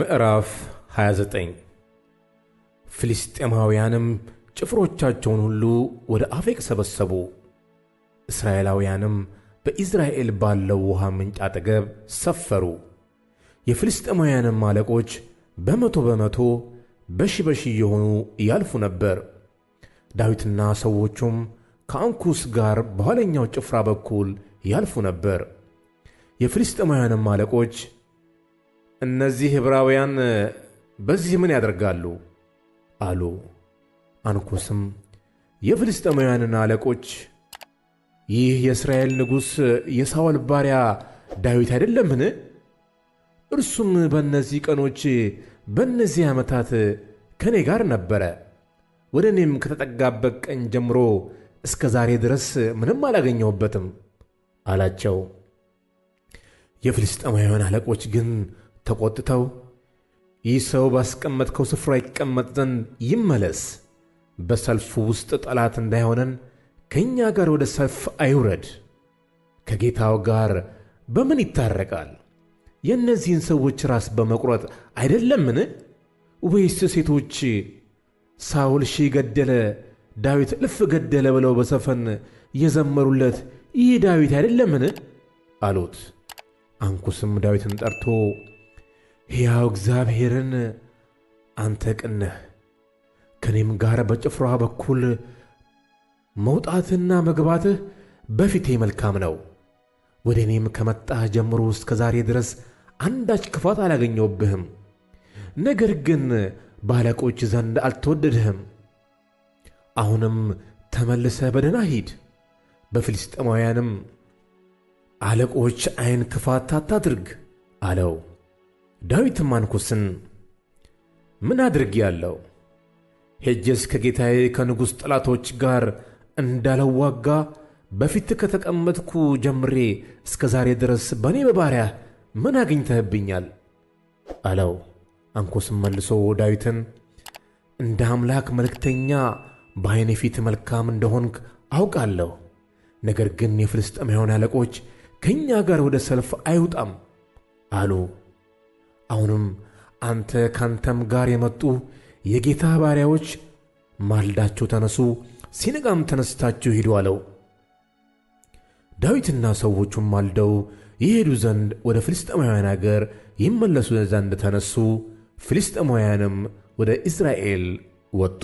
ምዕራፍ 29 ፍልስጤማውያንም ጭፍሮቻቸውን ሁሉ ወደ አፌቅ ሰበሰቡ፤ እስራኤላውያንም በኢይዝራኤል ባለው ውሃ ምንጭ አጠገብ ሰፈሩ። የፍልስጤማውያንም አለቆች በመቶ በመቶ በሺ በሺ እየሆኑ ያልፉ ነበር። ዳዊትና ሰዎቹም ከአንኩስ ጋር በኋለኛው ጭፍራ በኩል ያልፉ ነበር። የፍልስጤማውያንም አለቆች እነዚህ ዕብራውያን በዚህ ምን ያደርጋሉ? አሉ። አንኩስም የፍልስጥኤማውያንን አለቆች ይህ የእስራኤል ንጉሥ የሳውል ባሪያ ዳዊት አይደለምን? እርሱም በእነዚህ ቀኖች በእነዚህ ዓመታት ከእኔ ጋር ነበረ። ወደ እኔም ከተጠጋበት ቀን ጀምሮ እስከ ዛሬ ድረስ ምንም አላገኘሁበትም አላቸው። የፍልስጥኤማውያን አለቆች ግን ተቆጥተው ይህ ሰው ባስቀመጥከው ስፍራ ይቀመጥ ዘንድ ይመለስ፣ በሰልፉ ውስጥ ጠላት እንዳይሆነን ከእኛ ጋር ወደ ሰልፍ አይውረድ፣ ከጌታው ጋር በምን ይታረቃል? የእነዚህን ሰዎች ራስ በመቁረጥ አይደለምን? ወይስ ሴቶች ሳውል ሺህ ገደለ ዳዊት እልፍ ገደለ ብለው በሰፈን የዘመሩለት ይህ ዳዊት አይደለምን? አሉት። አንኩስም ዳዊትን ጠርቶ ሕያው እግዚአብሔርን አንተ ቅን ነህ፣ ከእኔም ጋር በጭፍራ በኩል መውጣትህና መግባትህ በፊቴ መልካም ነው። ወደ እኔም ከመጣህ ጀምሮ እስከ ዛሬ ድረስ አንዳች ክፋት አላገኘውብህም። ነገር ግን በአለቆች ዘንድ አልተወደድህም። አሁንም ተመልሰ በደና ሂድ፣ በፊልስጥማውያንም አለቆች ዐይን ክፋት አታድርግ አለው። ዳዊትም ማንኩስን ምን አድርጌአለሁ? ሄጄስ ከጌታዬ ከንጉሥ ጠላቶች ጋር እንዳለዋጋ በፊት ከተቀመጥኩ ጀምሬ እስከ ዛሬ ድረስ በእኔ በባሪያህ ምን አግኝተህብኛል? አለው። አንኩስም መልሶ ዳዊትን እንደ አምላክ መልእክተኛ በዐይኔ ፊት መልካም እንደሆንክ አውቃለሁ። ነገር ግን የፍልስጥኤማውያን አለቆች ከእኛ ጋር ወደ ሰልፍ አይውጣም አሉ። አሁንም አንተ ካንተም ጋር የመጡ የጌታ ባሪያዎች ማልዳችሁ ተነሱ፣ ሲነጋም ተነስታችሁ ሂዱ አለው። ዳዊትና ሰዎቹም ማልደው ይሄዱ ዘንድ ወደ ፍልስጥኤማውያን አገር ይመለሱ ዘንድ ተነሱ። ፍልስጥኤማውያንም ወደ እስራኤል ወጡ።